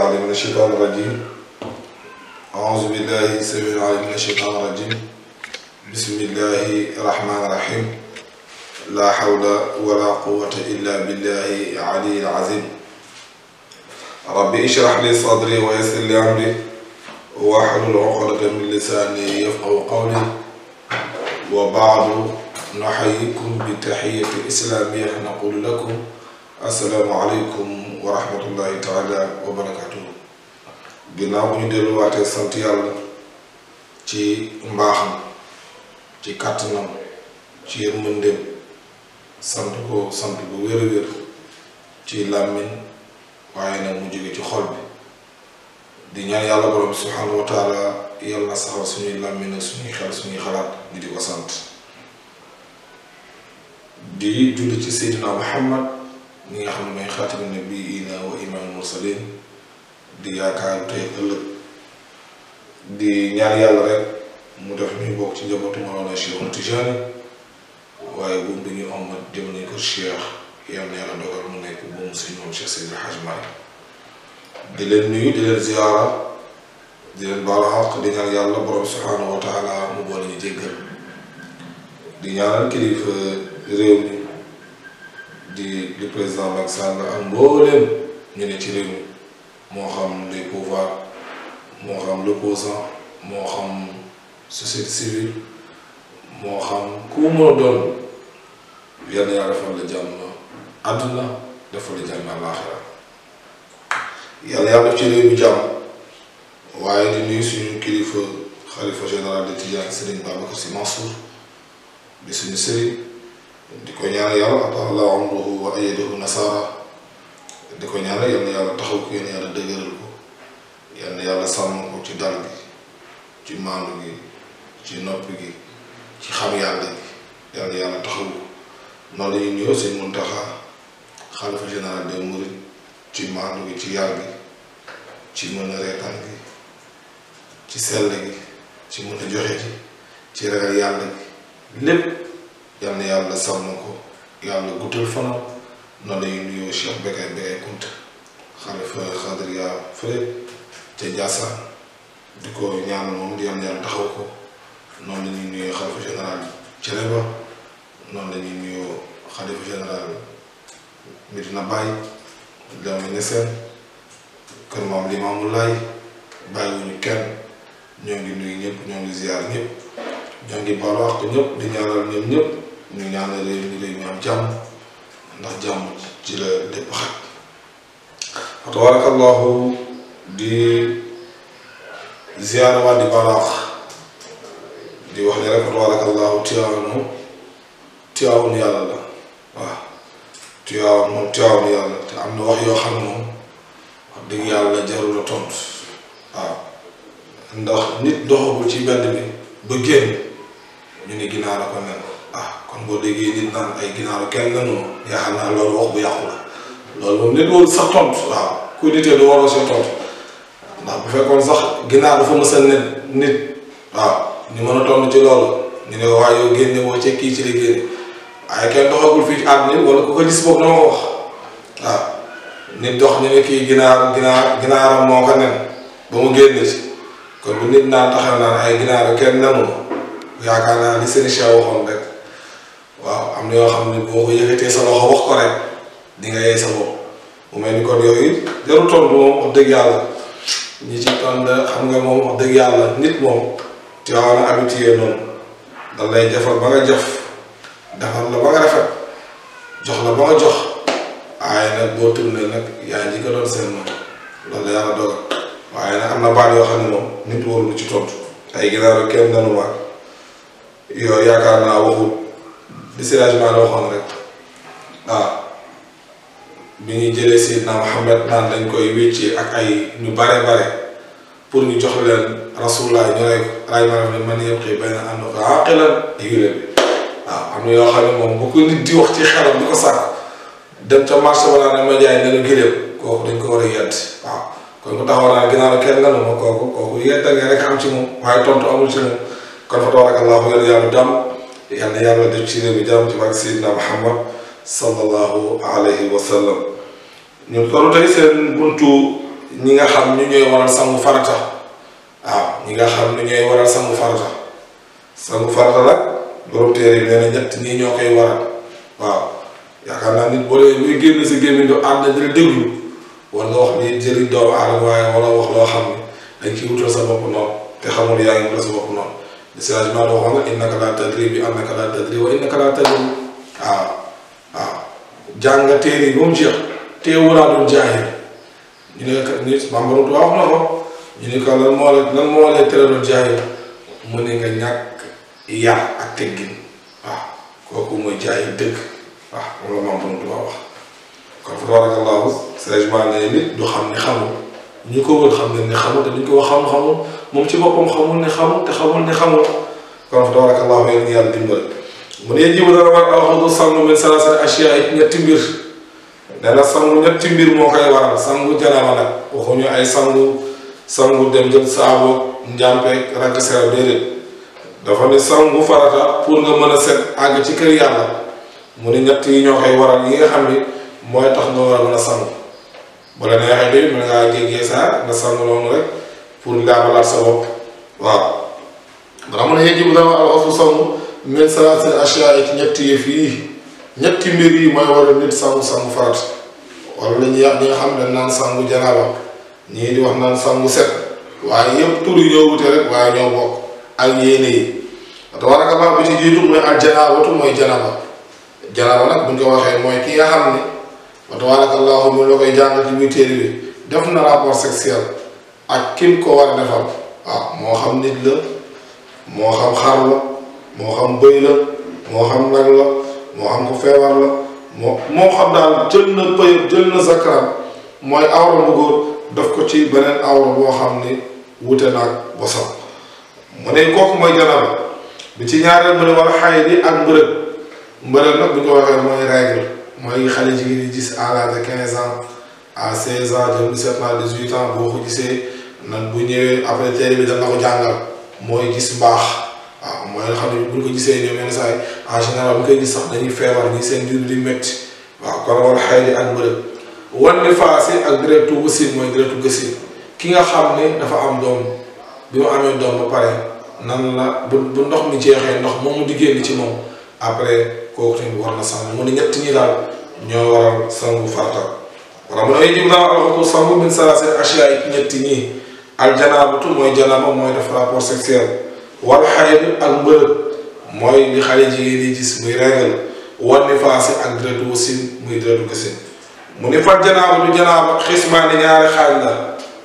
العلي من الشيطان الرجيم أعوذ بالله السميع العليم من الشيطان الرجيم بسم الله الرحمن الرحيم لا حول ولا قوة إلا بالله العلي العظيم ربي اشرح لي صدري ويسر لي أمري واحلل عقدة من لساني يفقه قولي وبعد نحييكم بتحية الإسلامية نقول لكم السلام عليكم ورحمة الله تعالى وبركاته ginnaaw bu ñu delluwaatee sant yàlla ci mbaaxam ci kàttanam ci yërmandeem sant ko sant bu wér wér ci làmmiñ waaye nag mu jóge ci xol bi di ñaan yàlla borom subhaanahu wa yàlla na suñuy làmmiñ ak suñuy xel suñuy xalaat ñu di ko sant di julli ci seydina muhammad ñi nga xam ne mooy xaatimu nabiyiina wa imaamul mursaliin di yaakaar tey ëllëg di rek mu def ñuy bokk ci njabootu Mawlana Cheikh Ahmed Tidiane waaye buum bi ñu am ma jëm nañ ko Cheikh yal di leen nuyu di leen ziyaara di leen baal xaq di ñaan yàlla borom subhaanahu wa taala mu boole ñu jéggal di ñaanal kilifa réew mi di di président Macky Sall ak mbooleem ñu ne ci moo xam les pouvoirs moo xam l'opposant moo xam société civile moo xam ku mën a doon yal na yàlla defal la jàmm àdduna defal la jàmm àllaaxira yàlla yàlla def ci réew jàmm waaye di nuyu kilifa xalifa général de Tidiane Serigne Babacar Sy Mansour di suñu sëriñ di ko ñaan yàlla atala amruhu wa ayadahu nasara di ko ñaanal yal na yàlla taxaw ko yal na yàlla ko yal na yàlla sàmm ko ci dal gi ci maandu gi ci noppi gi ci xam yàlla gi yal na yàlla taxaw ko noonu la ñuy nuyoo sëñ Muntaxa xalifa général des Mourides ci maandu gi ci yar gi ci mën a reetaan gi ci sell gi ci mën a joxe ji ci ragal yàlla gi lépp yal yàlla sàmm ko yàlla guddal fanam noonu lañuy nuyoo Cheikh Bekay Bekay Kounta xalifa xadriya fële ca di ko ñaan moom di am ñaan taxaw ko noonu la ñuy nuyoo xalifa général Thiénaba noonu la ñuy nuyoo xalifa général Medina Baye Léona Niassène kër maam Limaamu Laay bàyyiwuñu kenn ñoo ngi nuyu ñëpp ñoo ngi ziar ñëpp ñoo ngi baalu àq ñëpp di ñaanal ñoom ñëpp ñu ñaanal réew mi réew mi am jàmm. ndax jàmm ci la lépp xat fa tabarakallahu di ziyaara waa di baraax di wax ne rek fa tabarakallahu tiyaawanu tiyaawanu yàlla la waaw tiyaawanu moom tiyaawanu yàlla te am na wax yoo xam moom wax dëgg yàlla jarul a tontu waaw ndax ci benn bi génn ñu ne ginaar ko nen ah kon boo déggee nit naan ay ginaaru kenn la noonu yaakaar naa loolu wax bu yàqu la loolu moom nit woon sax tontu waaw kuy nitee du waroo seen tontu ndax bu fekkoon sax ginaar dafa mës nit nit waaw ñu mën a tontu ci loolu ñu ne waaye ci kii ci li génne waaye fii ci àdduna wala ku ko gis boobu dama ko wax waaw nit dox ñu ne kii ginaar ginaar ginaaram moo ko nen ba mu génn ci kon bu nit naan taxaw naan ay ginaaru kenn nanu yaakaar naa li seen cheikh rek. yoo xam ne boo ko yëkkatee sa loxo wax ko rek di nga sa bopp mu mel ni kon yooyu jarul tontu moom wax dëgg yàlla ñi ci ànd xam nga moom wax dëgg yàlla nit moom ci waaw na lay jafal ba nga la ba nga rafet jox am na baat yoo xam ne moom nit warul ci tontu ay ginnaaw kenn nanu waat yooyu yaakaar naa waxut li si laaj maa la waxoon rek waaw ah, Muhammad naan dañ koy wéccee ak ay ñu bare bare pour ñu jox leen rasulullah ñu rey ko rajo Maram ah, am na yoo xam ne moom bu ko nit di wax ci xelam di ko sàkk dem ca marché wala ne ma jaay ne la gëléem kooku dañ ko war a yedd waaw kon ku taxaw naa ginnaaw kenn lanu ma kooku kooku yedd nga rek am ci moom waaye tontu amul ci moom kon fa tabaraka allahu yàlla dam yal na yàlla def ci réew mi jàmm ci mag Seydina Muhammad sallallahu alayhi wa sallam ñun kon tey seen buntu ñi nga xam ñu ñooy waral sangu farata waaw ñi nga xam ñu ñooy waral sangu farata sangu farata nag borom téere yi nee na ñett ñii ñoo koy waral waaw yaakaar naa nit boo dee luy génn si gémmiñ du ànd dina déglu war nga wax ni jëriñ doomu aadama waaye wala wax loo xam ne dañ ciy wutal sa bopp noonu te xamul yaa ngi wutal sa bopp noonu. Sëriñ Maodo waxoon nga innaka laa tadri bi annaka laa tadri wa innaka laa tadri waaw ah, ah. waaw jàng nga téere yi ba mu jeex teewulaa doon jaahil ñu ne nit Bamba Tuubaa wax na ko ñu ne ko lan moo lan moo lay tere doon jaahil mu ne nga ñàkk yar ak teggin waaw ah, kooku mooy jaahil dëgg waaw loolu Bamba Tuubaa wax kon fa tabaaraka Allaahu Sëriñ Maodo ne nit du xam ne xamul. ñi ko wër xam nañ ne xamul te duñ ko wax xamul xamul moom ci boppam xamul ne xamul te xamul ne xamul kon fa tabarakallahu yéen ngi yàlla mu ne sangu ay sangu sangu dem jël saabo njàmpeeg rakk serew farata pour nga mën a set àgg ci kër yàlla mu ne ñett yi ñoo koy waral yi nga xam ni mooy tax nga war a mën a sangu bu la neexee de mën ngaa jéggee saar nga sangu noonu rek pour gaabalaat sa bopp waaw ndax mun a yëg bu dama al aslu sangu min salaasati ashyaa ci ñetti yëf yi ñetti mbir yi mooy waral nit sangu sangu farat wala la ñuy yàq xam ne naan sangu janaaba ñii di wax naan sangu set waaye yëpp tur ñoo wute rek waaye ñoo bokk ak yéene yi tabaraka ba bi ci jiitu mooy al janaabatu mooy janaaba janaaba nag buñ ko waxee mooy ki nga xam ne wa tabaraka allahu mu koy jàngal ci muy téere def na rapport sexuel ak kim ko war a defal ah, moo xam nit la moo xam xar la moo xam bëy la moo xam nag la moo xam ko feebar la moo xam daal jël na pëy jël na zakkaram mooy awra bu góor daf ko ci beneen awra boo xam ni wute naag bosam mu ne kooku mooy janaba bi ci ñaareel mu ne war xay ni ak mbërëg mbërëg nag bu ñu ko waxee mooy règle mooy xale jigéen yi gis à l'âge de quinze à seize ans jëm dix-sept ans dix-huit ans boo ko gisee nan bu ñëwee après téere bi dana ko jàngal mooy gis mbaax waaw mooy nga xam ne bu ñu gisee ñoom yenn saa yi en général bu koy gis sax dañuy feebar ni seen biir di métti waaw kon wala xëy na ak mbërëb wan ne faase ak deretu wasin mooy deretu gësin ki nga xam ne dafa am doom bi mu amee doom ba pare nan la bu bu ndox mi jeexee ndox moomu di génn ci moom après. kooku tamit war na sangu mu ne ñett ñi daal ñoo waral sangu farata wala mu ne ay jumla alxutu sangu min salaasi asiyaa yi ñetti ñii aljanaabatu mooy janaaba mooy def rapport sexuel wal xayd mooy li xale jigéen yi gis muy régal wan ni faasi ak dërëtu wasin muy dërëtu gisin mu ne far janaaba du janaaba ne ñaari xaaj la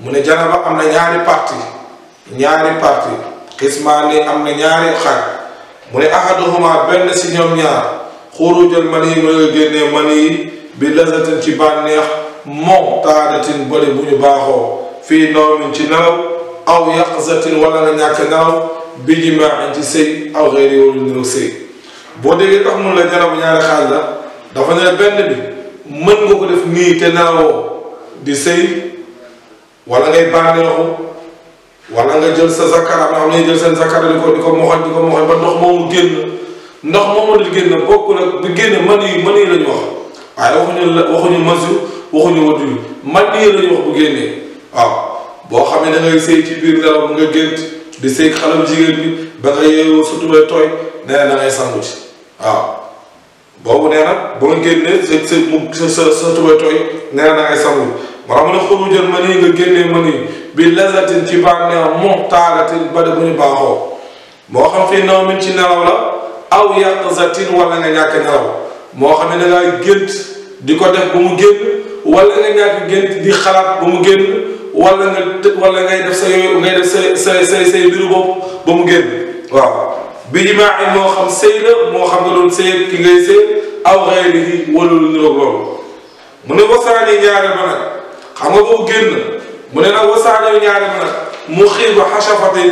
mu ne janaaba am na ñaari parti ñaari parti xismaa ne am na ñaari xaaj mu ne ahaduhuma benn si ñoom ñaar xurujal mani mooy génnee mani bi lazatin ci bànneex moom taadatin bëri bu ñu baaxoo fii noomin ci nelaw aw yaqzatin wala nga ñàkk nelaw bi jimaain ci sëy aw xëyri wala niru sëy boo déggee tax mun la janabu ñaari xaaj la dafa ne benn bi mën nga ko def nii te nelawoo di sëy wala ngay bànneexu wala nga jël sa zakara nga xam ne jël seen zakara di ko di ko moxoñ di ko moxoñ ba ndox moomu génn ndox moomu di génn bokk man yi ñu wax waaye waxuñu la waxuñu masu waxuñu wadu yi man yi la ñu génnee waaw boo xam jigéen bi ba nga yeewoo tooy nee na da ngay sangu ci waaw boobu nee na ba nga génnee sa mu ne xurujan mani nga génnee mani bi lazatin ci bànneex muxtaaratin ba bu ñu baaxoo moo xam fii naw min ci nelaw la aw yaqzatin wala nga ñàkk nelaw moo xam ne da ngaa gént di ko def ba mu génn wala nga ñàkk di xalaat ba mu génn wala nga wala ngay def sa yooyu ngay def say say waaw bi jimaa moo xam sëy moo xam nga doon sëy ki ngay sëy aw xayri wala lu niroog loolu mu ne wasaani ñaare ba nag xam nga boo génn mu ne nag wasaanaw ñaari nag mu xiiba xasafatin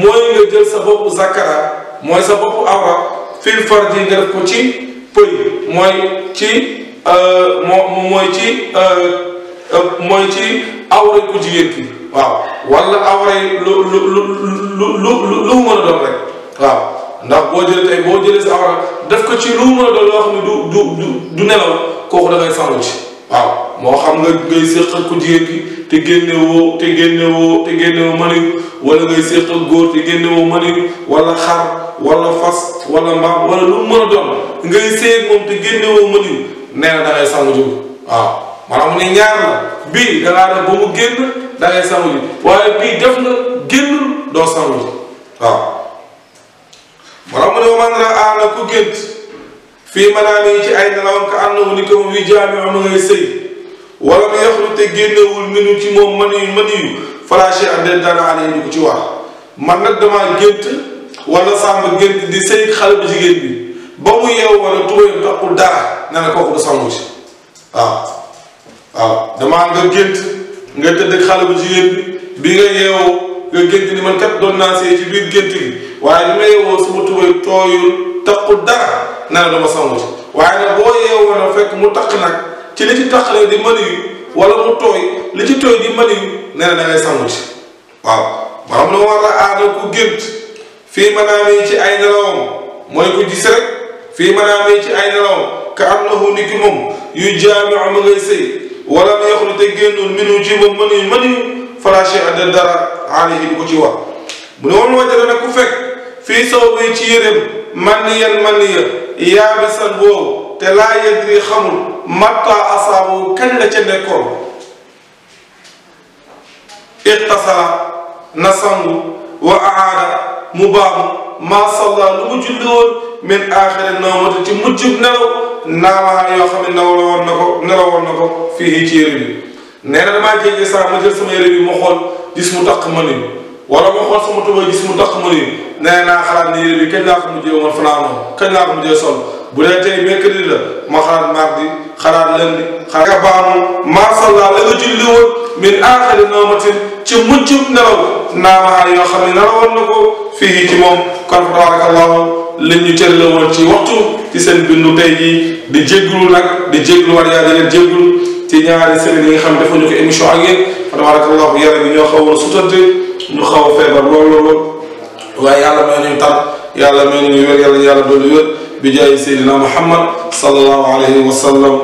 mooy nga jël sa bopp zakara mooy sa bopp awra fil farji nga def ko ci pëy mooy ci euh, moo mooy ci euh, euh, mooy ci awra ku jigéen ki waaw wala awra yi lu lu lu lu lu mën a doon rek waaw ndax boo jëlee tey boo jëlee sa awra def ko ci lu mën a doon loo xam ne du du du nelaw kooku da ngay sangu ci waaw moo xam nga ngay séq ak ku jigéen ki te génne woo te génne te génne woo maniyu wala ngay séq ak góor te génne woo maniyu wala xar wala fas wala mbaam wala lu mu mën a doon ngay séeg moom te génne woo maniyu nee na da ngay sangu ji waaw maanaam ne ñaar la bii da ngaa ba mu génn da ngay sangu ji waaye bii def na génnul doo sangu ji waaw maanaam mu ne man la ku gént fii manaami ci ay nelawam ka annahu ni ko wi jaami ma ngay sëy wala mu yaxlu te génnewul minu ci moom maniyu maniyu fala shay'a den dara alayhi du ko ci wax man nag damaa gént wala sàmm gént di sëy xale bu jigéen bi ba mu yeew wala tubayam taxul dara ne na kooku du sangu si waaw waaw damaa nga gént nga tëdd ak xale bu jigéen bi bi nga yeew nga gént ni man kat doon naa sëy ci biir gént gi waaye li ma yeewoo sama tubay tooyul taxul dara naan dama sangu ci waaye nag boo yeewoo nag fekk mu taq nag ci li ci taqalee di mën yu wala mu tooy li ci tooy di mën yu nee na da ngay sangu ci waaw ba xam war a aada ku gént fii manaamee ci ay nelawam mooy ku gis rek fii manaamee ci ay nelawam ka annahu ni ki moom yu jaami ma ngay sëy wala mu yaxlu te génnul minu ci moom mën yu mën yu fala shay'a dara alayhi du ko ci wax mu ne woon wajara nag ku fekk fii saw bi ci yërëm man yan man ya yaabisan woowu te laa yadri xamul matta asaabu kañ la ca nekkoon na sangu wa aada mu baamu maa salla lu mu julli woon min aaxiri nawmati ci mujjub nelaw naamaha yoo xam ne nelaw woon na ko nelaw woon na ko fii ci yére bi nee na damaa jéggi saa ma jël sama yére bi ma xool gis mu taq ma ma xool sama tuba gis mu taq nee naa xalaat ni yére kañ laa ko mujjee woon bu dee tey mercredi la ma xalaat mardi xalaat lundi xalaat nga baamu maasallaa la nga julli woon min aaxiri noomatin ci mujjub nelaw naamaar yoo xam ne nelawoon na ko fii ci moom kon fa tabaarakallahu li ñu teel la woon ci waxtu ci seen bindu tey jii di jégalu nag di jégalu war yaa di leen jégalu ci ñaari semaines yi nga xam ne defuñu ko émission ak yéen fa tabarakallahu yàlla bi ñoo xaw a sutante ñu xaw a feebar lool lool waa yàlla may nañu tal yàlla may nañu wér yàlla yàlla doolu wér bi jaay seydina muhammad sallallahu alayhi wa sallam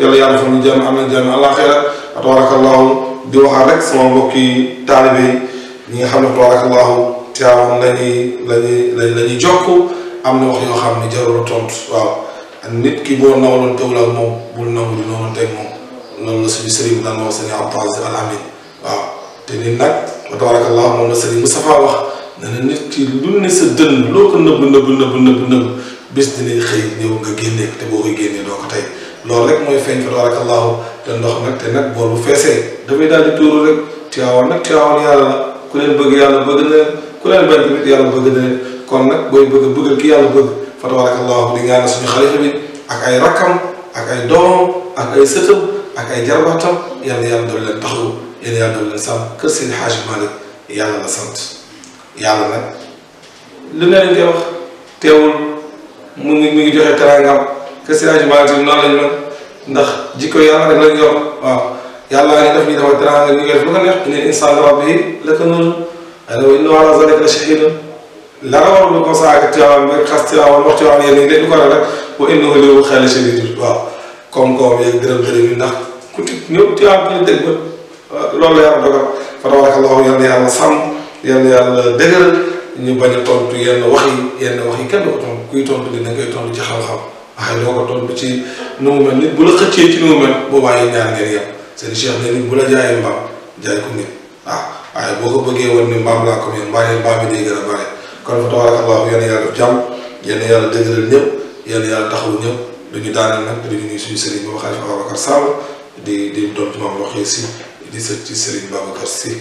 yàlla yàlla mu jàmm am tabarakallahu di waxaat rek sama mbokki taalibe yi ñi nga xam tabarakallahu teewoon lañuy lañuy am na wax yoo xam ne jarul tontu waaw nit ki boo moom bul nangu di moom loolu la suñu sëriñ daan wax sëriñ Abdou Aziz Al Amin waaw te wax dana nit ki lu ne sa dënn loo ko nëbb nëbb nëbb nëbb nëbb bis dinañ xëy ñëw nga génnee te boo koy génnee doo ko tey loolu rek mooy feeñ fa tabarakallahu te ndox nag te nag bool bu feesee dafay daal di tuuru rek Tiwaawan nag Tiwaawan yàlla la ku leen bëgg yàlla bëgg na leen ku leen bañ tamit yàlla bëgg na leen kon nag booy bëgg bëggal ki yàlla bëgg fa ak ay rakkam ak ay doomam ak ay sëtam ak ay jarbaatam yàlla yàlla doon leen taxawu yàlla yàlla leen sàmm kër seen xaaj Malick yàlla la sant yàlla nag lu ne lañ koy wax teewul mu ngi mi ngi joxe teraangam que si rajo Malick noonu lañ mën ndax jikko yàlla rek lañ yor waaw yàlla ngi def ñu defal teraanga ñu ngi def lu ko neex inna insaana rabbihi lakanuun ala wa inna ala zalika la shahiidun lara war lu ko saaka Tiwaawan ba xas Tiwaawan wax Tiwaawan yéen a ngi dégg ko rek wa innahu lahu xayla shadiid waaw koom-koom yeeg gërëm-gërëm yi ndax ku ci ñëw Tiwaawan ku ñu dégg ba loolu la yàlla dogal fa tabaraka allahu yàlla yàlla sàmm yenn yàlla dëgëral ñu bañ a tontu yenn wax yi yenn wax yi kenn da ngay ci xam-xam waaye doo ci nu ci nu mu mel boobaa yi ñaan ngeen yem seen cheikh boo bëggee woon ni mbaam ko mel mbaa yéen mbaam yi day gën a yàlla jàmm yenn yàlla dëgëral ñëpp yenn yàlla taxawu ñëpp duñu daaneel nag duñu nuyu suñu sëriñ Mame Khalifa Ababacar Sall di di doom ci maam wax si di sët ci sëriñ si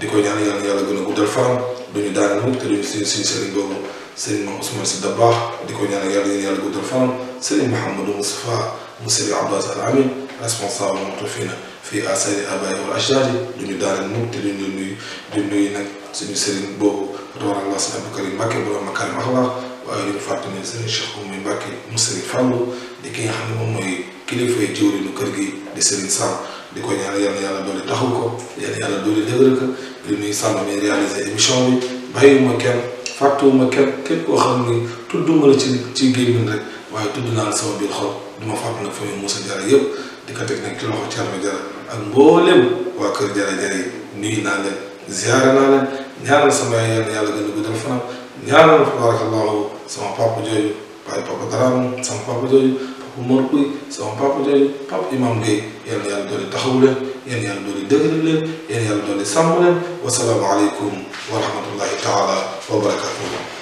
di ko ñaan yàlla yàlla gën a guddal faram du daan mukk te duñu suñu suñu sëriñ boobu sëriñ moom Ousmane Sy Dabakh di ko ñaan yàlla yàlla guddal faram sëriñ Mouhamadou Moustapha mu sëriñ Abbas Al Amin responsable muqtafina fii asari abaay wal ajdaadi duñu daan mukk te duñu nuyu di nuyu nag suñu boobu rawatina sëriñ Abdou Karim Mbacké borom makaarim axlaaq waaye duñu fàttali ne sëriñ Cheikh Oumy Mbacké mu sëriñ Fallou di ki nga xam ne moom mooy kilifa jiwriñu kër gi di sëriñ Sam di ko ñaan yal na yàlla doole taxaw ko yal na yàlla doole dëgëral ko di nuyu sàmm mi réalisé émission bi bàyyiwuma kenn fàttewuma kenn képp koo xam ni tudduma la ci ci gémmiñ rek waaye tudd naa la sama biir xol du ma fàttali nag famille Moussa yëpp di ko teg nag ci loxo Thierno ak mboolem waa kër Diarra Diarra nuyu naa leen ziyaare naa leen ñaanal sama na yàlla gën a guddal fanam ñaanal tabarakallahu sama papa jooju waaye papa Dramé sama papa jooju. Umar Pouy sama papa jooju papa Imam Gueye yéen a yàlla doole taxawu leen yéen a yàlla doole dëgëral leen yéen a yàlla doole sàmm leen wasalaamualeykum wa rahmatullahi taala wa